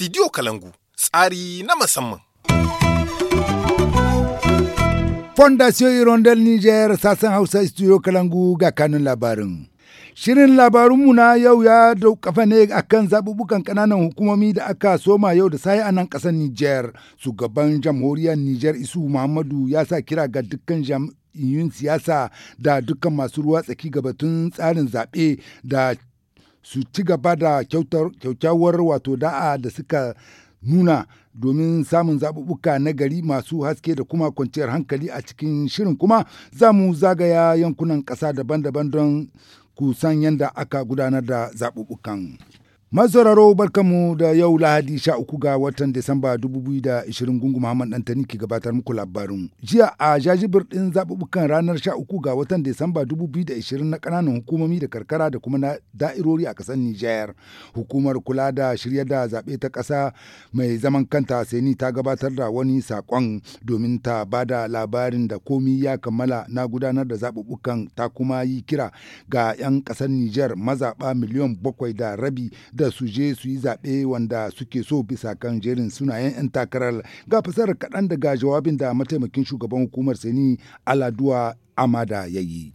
Studio Kalangu tsari na musamman. Fondation Irondel Niger sassan Hausa Studio Kalangu ga kanun labarin. Shirin labarunmu na yau ya daukafa ne a kan zabubukan ƙananan hukumomi da aka soma yau da sai a nan ƙasar Nijar. Shugaban jamhuriyar Nijar Isu Muhammadu ya sa kira ga dukkan jam'iyyun siyasa da dukkan masu ruwa tsaki gabatun tsarin zaɓe da su ci gaba da kyakkyawar wato da'a da suka nuna domin samun zaɓuɓɓuka na gari masu haske da kuma kwanciyar hankali a cikin shirin kuma za mu zagaya yankunan ƙasa daban-daban don ku san yadda aka gudanar da zaɓuɓɓukan. Mazauraro barkanmu da yau Lahadi sha uku ga watan Disamba dubu biyu da ashirin gungu Muhammad Dantani ke gabatar muku labarin. Jiya a jajibir din zaɓuɓɓukan ranar sha uku ga watan Disamba dubu biyu da ashirin na ƙananan hukumomi da karkara da kuma na da'irori a ƙasar Nijar. Hukumar kula da shirya da zaɓe ta ƙasa mai zaman kanta Saini ta gabatar da wani saƙon domin ta ba da labarin da komi ya kammala na gudanar da zaɓuɓɓukan ta kuma yi kira ga 'yan ƙasar Nijar mazaɓa miliyan bakwai da rabi da su je su yi zaɓe wanda suke so bisa kan jerin sunayen 'yan takarar ga fasarar kaɗan daga jawabin da mataimakin shugaban hukumar sani aladuwa amada ya yi.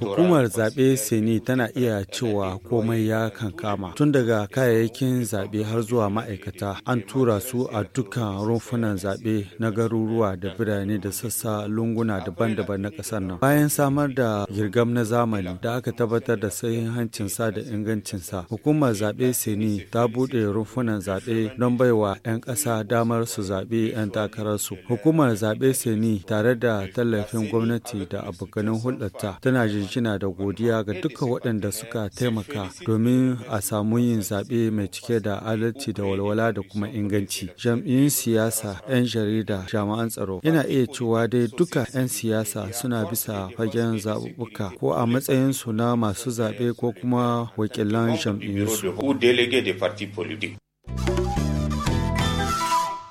Hukumar zaɓe Seni tana iya cewa komai ya kan kama tun daga kayayyakin zaɓe har zuwa ma'aikata an tura su a dukkan rumfunan zaɓe na garuruwa da birane da sassa lunguna daban-daban na ƙasar nan. Bayan samar da girgam na zamani da aka tabbatar da hancinsa da ingancinsa, hukumar zaɓe Seni ta buɗe rumfunan zaɓe don baiwa 'yan ƙasa damar su zaɓe 'yan takararsu. Hukumar zaɓe Seni tare da tallafin gwamnati ce da ganin hulɗarta tana jinjina da godiya ga duka waɗanda suka taimaka domin a samu yin zaɓe mai cike da adalci da walwala da kuma inganci. Jam'iyyun siyasa, 'yan jarida, jama'an tsaro. Yana iya cewa dai duka 'yan siyasa suna bisa fagen zaɓuɓɓuka ko a matsayin su na masu zaɓe ko kuma wakilan jam'iyyunsu.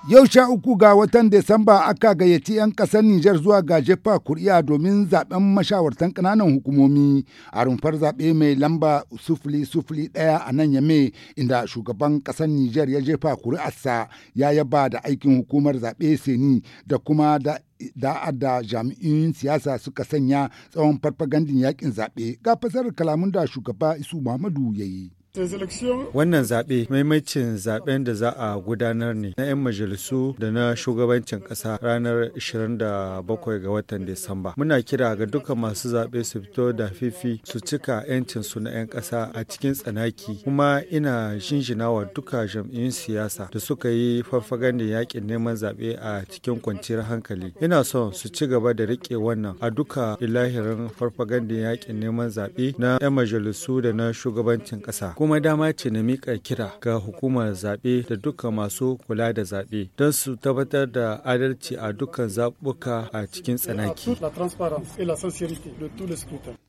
Yau sha uku ga watan Desamba aka gayyaci 'yan ƙasar Nijar zuwa ga jefa kuri'a domin zaɓen mashawartan ƙananan hukumomi a rumfar zaɓe mai lamba sufuli sufuli ɗaya a nan yame inda shugaban ƙasar Nijar ya jefa kuri'arsa ya yaba da aikin hukumar zaɓe seni da kuma da da'a da jami'in siyasa suka sanya tsawon farfagandin yakin zaɓe ga fasarar kalamun da shugaba Isu Muhammadu ya yi. Wannan zaɓe maimacin zaɓen da za a gudanar ne na 'yan majalisu da na shugabancin ƙasa ranar 27 ga watan Disamba. Muna kira ga duka masu zaɓe su fito da fifi su cika 'yancin su na 'yan ƙasa a cikin tsanaki. Kuma ina wa duka jam'iyyun siyasa da suka yi farfaganda yakin neman zaɓe a cikin kwanciyar hankali. Ina son su ci gaba da riƙe wannan a duka ilahirin farfaganda yakin neman zaɓe na 'yan majalisu da na shugabancin ƙasa. kuma dama ce na mika kira ga hukumar zaɓe da duka masu kula da zaɓe don su tabbatar da adalci a dukkan zaɓuka a cikin tsanaki.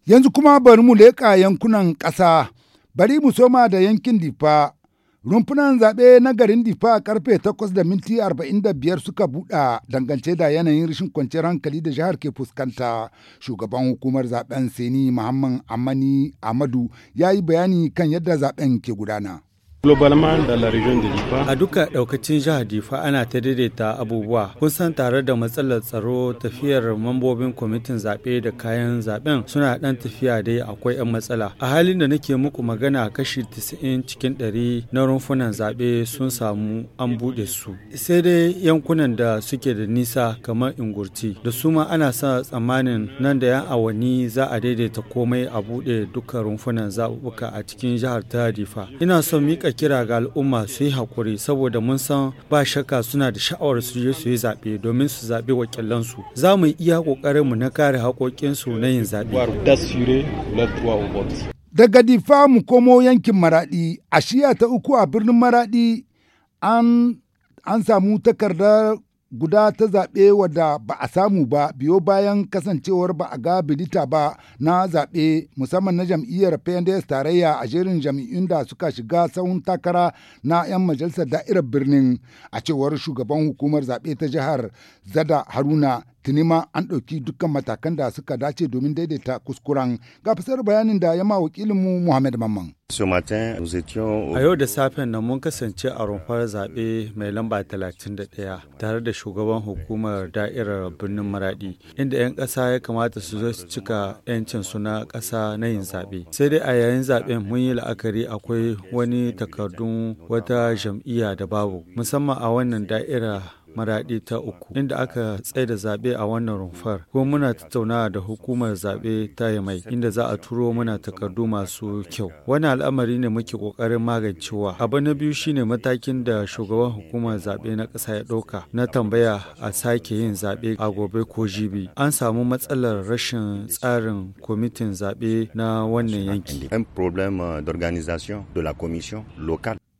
Yanzu kuma bari mu leƙa yankunan ƙasa, bari mu soma da yankin Difa Rumfunan zaɓe na garin Difa karfe takwas, da minti arba'in da biyar suka buɗa dangance da yanayin rashin kwanciyar hankali da jihar ke fuskanta. Shugaban hukumar zaɓen Seni Muhammad Amani Ahmadu ya yi bayani kan yadda zaɓen ke gudana. A duka daukacin jihar Difa ana ta daidaita abubuwa. Kun san tare da matsalar tsaro tafiyar mambobin kwamitin zaɓe da kayan zaɓen suna ɗan tafiya dai akwai 'yan matsala. A halin da nake muku magana kashi 90 cikin 100 na rumfunan zaɓe sun samu an buɗe su. Sai dai yankunan da suke da nisa kamar ingurci da su ma ana sa tsammanin nan da 'yan awanni za a daidaita komai a buɗe duka rumfunan zaɓuɓɓuka a cikin jihar ta Difa. Ina son mika rika kira ga al'umma su yi haƙuri saboda mun san ba shakka suna da sha'awar su je su yi zaɓe domin su zaɓi wakilansu. Za mu iya ƙoƙarin mu na kare haƙoƙinsu na yin zaɓe. Daga difa mu komo yankin maraɗi, a shiya ta uku a birnin maraɗi an samu takardar guda ta zaɓe wadda ba a samu ba biyo bayan kasancewar ba a ga bilita ba na zaɓe musamman na jam'iyyar pnds tarayya a jerin jam'iyyun da suka shiga sahun takara na 'yan majalisar da'irar birnin a cewar shugaban hukumar zaɓe ta jihar zada haruna tuni ma an ɗauki dukkan matakan da suka dace domin daidaita kuskuren ga fasar bayanin da ya ma wakilinmu Muhammad Mamman. A yau da safen nan mun kasance a rumfar zaɓe mai lamba 31 tare da shugaban hukumar da'irar birnin maraɗi inda 'yan ƙasa ya kamata su zo su cika 'yancin suna ƙasa na yin zaɓe. Sai dai a yayin zaɓen mun yi la'akari akwai wani takardun wata jam'iyya da babu, musamman a wannan da'ira maraɗi ta uku inda aka tsaida zaɓe a wannan rumfar kuma muna tattaunawa da hukumar zaɓe ta yamai inda za a turo muna takardu masu kyau wani al'amari ne muke ƙoƙarin magancewa abu na biyu shine matakin da shugaban hukumar zaɓe na ƙasa ya ɗauka na tambaya a sake yin zaɓe a gobe ko jibi an samu matsalar rashin tsarin kwamitin zaɓe na wannan yanki euh,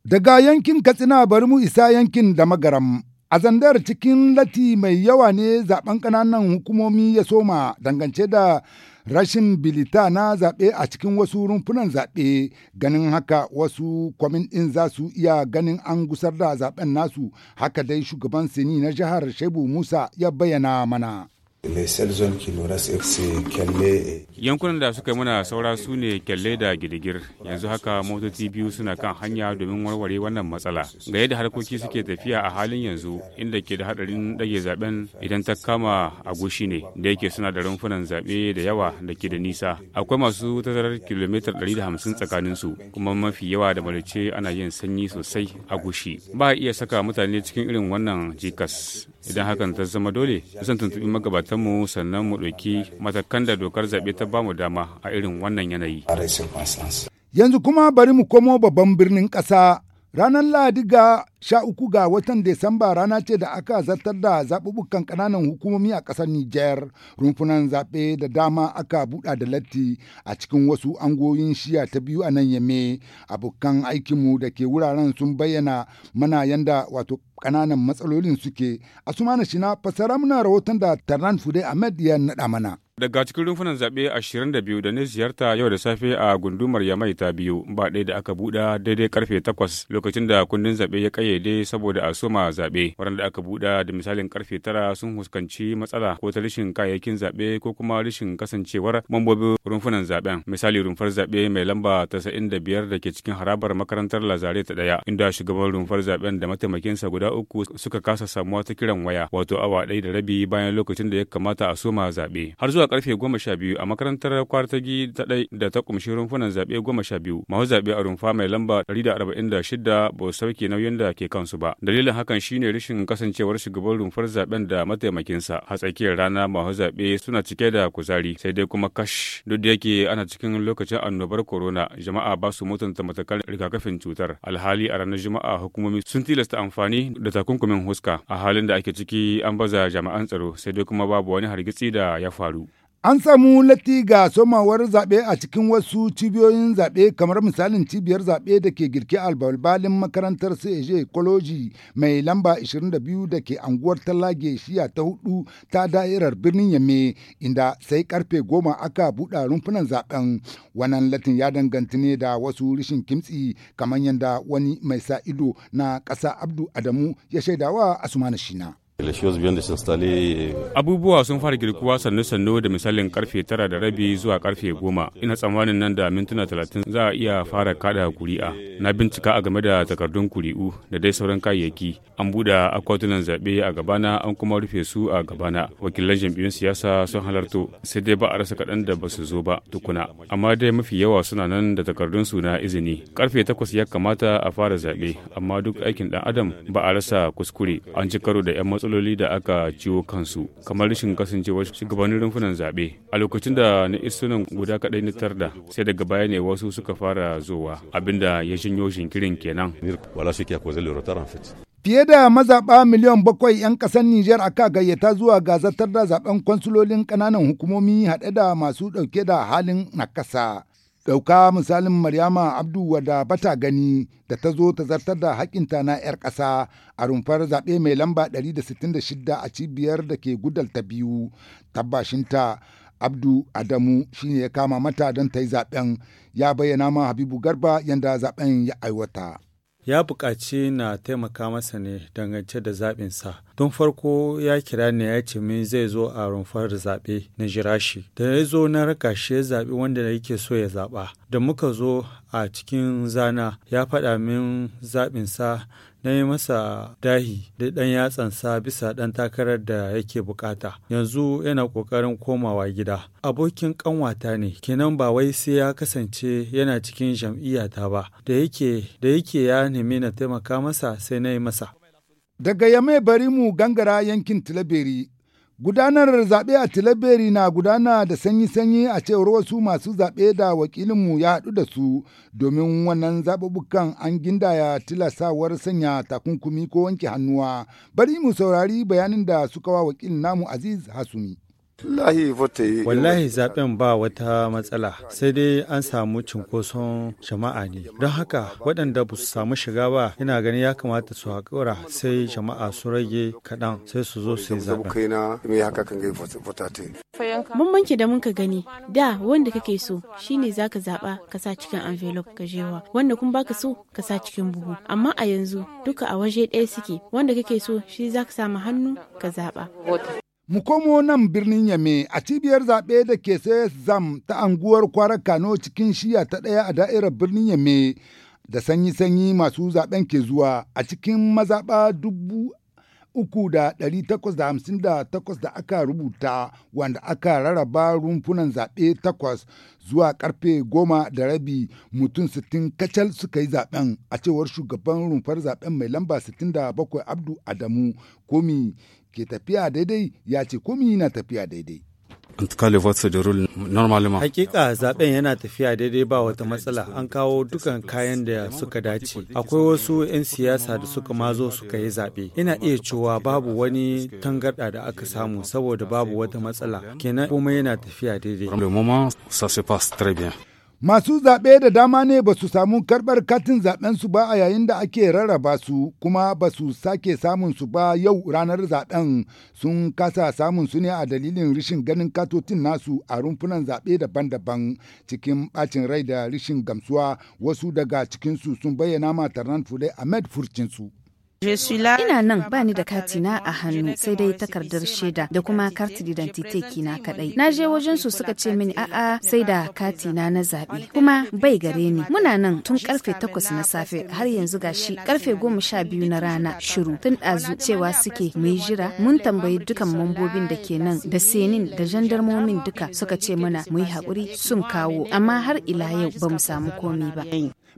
Daga yankin Katsina bari mu isa yankin da magaram A zandar cikin lati mai yawa ne zaben ƙananan hukumomi ya soma dangance da rashin bilita na zaɓe a cikin wasu rumfunan zaɓe ganin haka wasu kwamin ɗin za su iya ganin an gusar da zaɓen nasu haka dai shugaban sini na jihar shebu musa ya bayyana mana. yankunan da suka muna saura su ne kyalle da girgir yanzu haka motoci biyu suna kan hanya domin warware wannan matsala ga yadda harkoki suke tafiya a halin yanzu inda ke da hadarin dage zaben idan ta kama a gushi ne da yake suna da rumfunan zaɓe da yawa da ke da nisa akwai masu tazarar kilomita hamsin tsakanin su kuma mafi yawa da malice ana yin sanyi sosai a gushi ba a iya saka mutane cikin irin wannan jikas idan hakan ta zama dole zan tuntubi magabatanmu sannan mu ɗauki matakan da dokar zaɓe ta ba mu dama a irin wannan yanayi. Yanzu kuma bari mu komo babban birnin ƙasa ranar Ladiga Sha uku ga watan Desamba rana ce da aka zartar da zaɓuɓɓukan ƙananan hukumomi a ƙasar Nijar, rumfunan zaɓe da dama aka buɗa da latti a cikin wasu angoyin shiya ta biyu a nan yame. Abokan aikinmu da ke wuraren sun bayyana mana yanda wato ƙananan matsalolin suke. Asumana Shina fasara muna rahoton da Tarnan Fude Ahmed ya naɗa mana. daga cikin rumfunan zaɓe 22 da na ziyarta yau da safe a gundumar yamai ta biyu ba ɗaya da aka buɗa daidai karfe 8 lokacin da kundin zaɓe ya ƙayyade dai saboda a soma zaɓe waɗanda aka buɗa da misalin karfe tara sun fuskanci matsala ko ta rashin kayayyakin zaɓe ko kuma rashin kasancewar mambobin rumfunan zaɓen misali rumfar zaɓe mai lamba tasa'in da biyar da ke cikin harabar makarantar lazare ta ɗaya inda shugaban rumfar zaɓen da mataimakinsa guda uku suka kasa samuwa ta kiran waya wato awa ɗaya da rabi bayan lokacin da ya kamata a soma zaɓe har zuwa karfe goma sha biyu a makarantar kwartagi ta ɗai da ta kumshi rumfunan zaɓe goma sha biyu mahu zaɓe a rumfa mai lamba ɗari da arba'in da shida ba sauke nauyin da ke kansu ba. Dalilin hakan shine rashin kasancewar shugaban rumfar zaben da mataimakinsa a tsakiyar rana masu zaɓe suna cike da kuzari sai dai kuma kash duk da yake ana cikin lokacin annobar corona jama'a ba su mutunta matakan rigakafin cutar alhali a ranar juma'a hukumomi sun tilasta amfani da takunkumin huska a halin da ake ciki an baza jami'an tsaro sai dai kuma babu wani hargitsi da ya faru. An samu latti ga somawar zaɓe a cikin wasu cibiyoyin zaɓe kamar misalin cibiyar zaɓe da ke girke albalbalin makarantar CAG Koloji mai lamba 22 da ke anguwar Talage shiya ta hudu ta da'irar birnin Yamme inda sai karfe goma aka buɗa rumfunan zaɓen. Wannan latin ya danganta ne da wasu rishin kimtsi kamar yadda wani mai sa ido na ƙasa Abdu Adamu ya shaidawa Asumana Shina. Eh. Abubuwa sun fara girkuwa sannu-sannu da misalin karfe tara da rabi zuwa karfe goma. Ina tsammanin nan da mintuna talatin za a iya fara kada kuri'a. Na bincika a game da takardun kuri'u da dai sauran kayayyaki. An buɗe akwatunan zaɓe a gabana an kuma rufe su a gabana. Wakilan jam'iyyun siyasa sun halarto sai dai ba a rasa kaɗan da ba su zo ba tukuna. Amma dai mafi yawa suna nan da takardun su na izini. Karfe takwas ya kamata a fara zaɓe amma duk aikin ɗan adam ba a rasa kuskure. An ci karo da 'yan matsaloli matsaloli da aka ciwo kansu kamar rashin kasancewar shugabannin rumfunan zaɓe a lokacin da na isunan guda kaɗai na tarda sai daga baya ne wasu suka fara zowa abinda ya shinyo shinkirin kenan Fiye da mazaɓa miliyan bakwai 'yan ƙasar Nijar aka gayyata zuwa gazatar da zaben kwansulolin ƙananan hukumomi haɗe da masu ɗauke da halin nakasa. Dauka misalin Maryama Abdu wadda bata gani da ta zo ta zartar da hakinta na 'yar ƙasa a rumfar zaɓe mai lamba 166 a cibiyar da ke gudal ta biyu. Tabbashinta Abdu Adamu shine ya kama mata don ta yi zaɓen ya bayyana ma Habibu Garba yadda zaɓen ya aiwata. Ya buƙaci na taimaka masa ne dangance da zaɓinsa. Don farko ya kira ni ya ce min zai zo a rumfar zaɓe na jira shi. Da ya zo na raka shi ya zaɓi wanda yake so ya zaɓa. Da muka zo a cikin zana ya faɗa min zaɓinsa na yi masa dahi da ɗan yatsansa bisa ɗan takarar da yake bukata yanzu yana ƙoƙarin komawa gida abokin ƙanwata ne kenan ba wai sai ya kasance yana cikin jam'iyyata ba da yake da yake ya nemi na taimaka masa sai na yi masa Daga Yame bari mu gangara yankin Tilaberi. Gudanar zaɓe a Tilaberi na gudana da sanyi-sanyi a cewar wasu masu zaɓe da wakilinmu ya haɗu da su domin wannan zaɓuɓɓukan an gindaya tilasawar sanya takunkumi ko wanke hannuwa. Bari mu saurari bayanin da suka wa wakilin namu Aziz Hasumi. wallahi zaben ba wata matsala sai dai an samu cinkoson jama'a ne don haka waɗanda ba su samu shiga ba ina ganin ya kamata su haƙura sai jama'a su rage kaɗan sai su zo su yi mun da da ka gani da wanda kake so shine zaka zaɓa ka sa cikin envelope ka jewa wanda kuma baka so ka sa cikin buhu amma a yanzu duka a waje ɗaya suke wanda kake so shi za ka samu hannu ka zaɓa. mukomo nan birnin Yame a cibiyar zaɓe da ke zam ta anguwar kwara Kano cikin shiya ta ɗaya a da'irar birnin Yame da sanyi-sanyi masu zaɓen ke zuwa a cikin mazaɓa dubu uku da ɗari takwas da hamsin da takwas da aka rubuta wanda aka rarraba rumfunan zaɓe takwas zuwa karfe goma da rabi mutum sittin kacal suka yi zaɓen a cewar shugaban rumfar zaɓen mai lamba sittin da bakwai abdu adamu komi ke tafiya daidai ya ce komi na tafiya daidai. Hakika zaben yana tafiya daidai ba wata matsala an kawo dukan kayan da suka dace. Akwai wasu 'yan siyasa da suka mazo suka yi zaɓe. Ina iya cewa babu wani tangarɗa da aka samu saboda babu wata matsala. Kenan komai yana tafiya daidai. Masu zaɓe da dama ne ba su samu karɓar katin zaɓen su ba a yayin da ake rarraba su kuma ba su sake samun su ba yau ranar zaɓen sun kasa samun su ne a dalilin rishin ganin katotin nasu a rumfunan zaɓe daban-daban cikin ɓacin rai da rishin gamsuwa wasu daga cikinsu sun bayyana ma Tarnan a Ahmed furcinsu. Ina nan ba ni da katina a hannu sai dai takardar shaida da kuma kartin identity kina kadai. Na je wajen su suka ce mini a'a sai da katina na zabe kuma bai gare ni. Muna nan tun karfe takwas na safe har yanzu gashi karfe goma sha biyu na rana shiru tun ɗazu cewa suke yi jira mun tambayi dukan mambobin da ke nan da senin da jandarmomin duka suka ce mana mu yi haƙuri sun kawo amma har ila yau ba mu samu komi ba.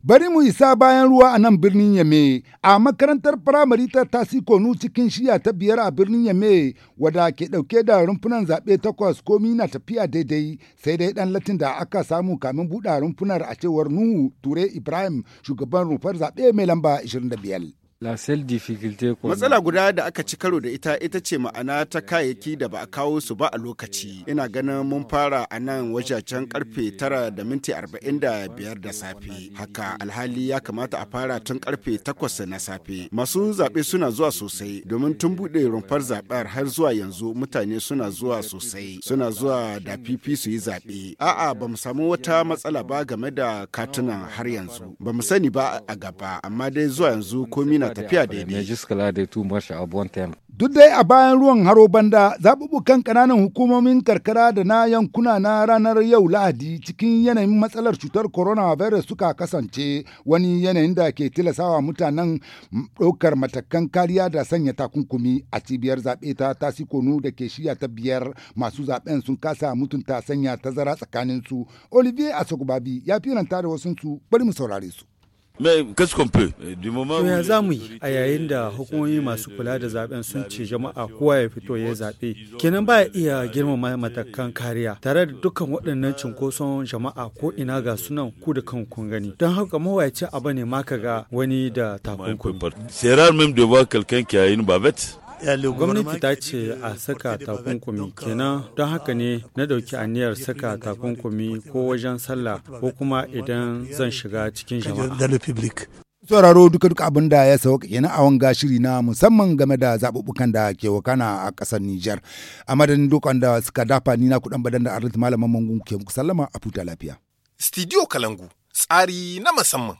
Bari mu isa bayan ruwa a nan birnin Yame, a makarantar firamare ta Tasikonu cikin shiya ta biyar a birnin Yame, wada ke dauke da rumfunan zaɓe takwas komi na tafiya daidai, sai dai ɗan latin da aka samu kamin buɗe rumfunar a cewar Nuhu Ture Ibrahim, shugaban rumfar zaɓe mai lamba 25. Matsala guda da aka ci karo da ita ita ce ma'ana ta kayayyaki da ba a kawo su ba a lokaci. Ina ganin mun fara a nan wajajen karfe tara da minti arba'in da biyar da safe. Haka alhali ya kamata a fara tun karfe takwas na safe. Masu zaɓe suna zuwa sosai domin tun buɗe rumfar zaɓar, har zuwa yanzu mutane suna zuwa sosai. Suna zuwa da fifi su yi zaɓe. A'a ba mu samu wata matsala ba game da katunan har yanzu. Ba mu sani ba a gaba amma dai zuwa yanzu komi na tafiya daidai. Duk dai a bayan ruwan haro banda zaɓuɓɓukan ƙananan hukumomin karkara da na yankuna na ranar yau Lahadi cikin yanayin matsalar cutar coronavirus suka kasance wani yanayin da ke tilasawa mutanen ɗaukar matakan kariya da sanya takunkumi a cibiyar zaɓe ta tasikonu da ke shiya ta biyar masu zaɓen sun kasa mutunta sanya tazara tsakaninsu. Olivier Asogbabi ya firanta da wasunsu bari mu saurare su. Euh, to za mu yi a yayin da hukumomi masu kula da zaben sun ce jama'a kowa ya fito ya zaɓe. Kenan ba iya girmama matakan kariya tare da dukkan waɗannan cunkoson jama'a ko ina ga sunan ku da kan kun gani. Don haka mawayaci abu ne ma ka ga wani da takunkumi. C'est rare même de voir quelqu'un qui a une gwamnati ta ce a saka takunkumi euh, kenan don haka ne na dauki aniyar saka takunkumi ko wajen sallah ko kuma idan zan shiga cikin jama'a sauraro duka duka abin da ya sauka kenan a wanga shiri na musamman game da zaɓuɓɓukan da ke wakana a ƙasar Nijar. A madadin dokan da suka dafa ni na kuɗan badan da arziki malaman mangun ke muku sallama a futa lafiya. Studio Kalangu tsari na musamman.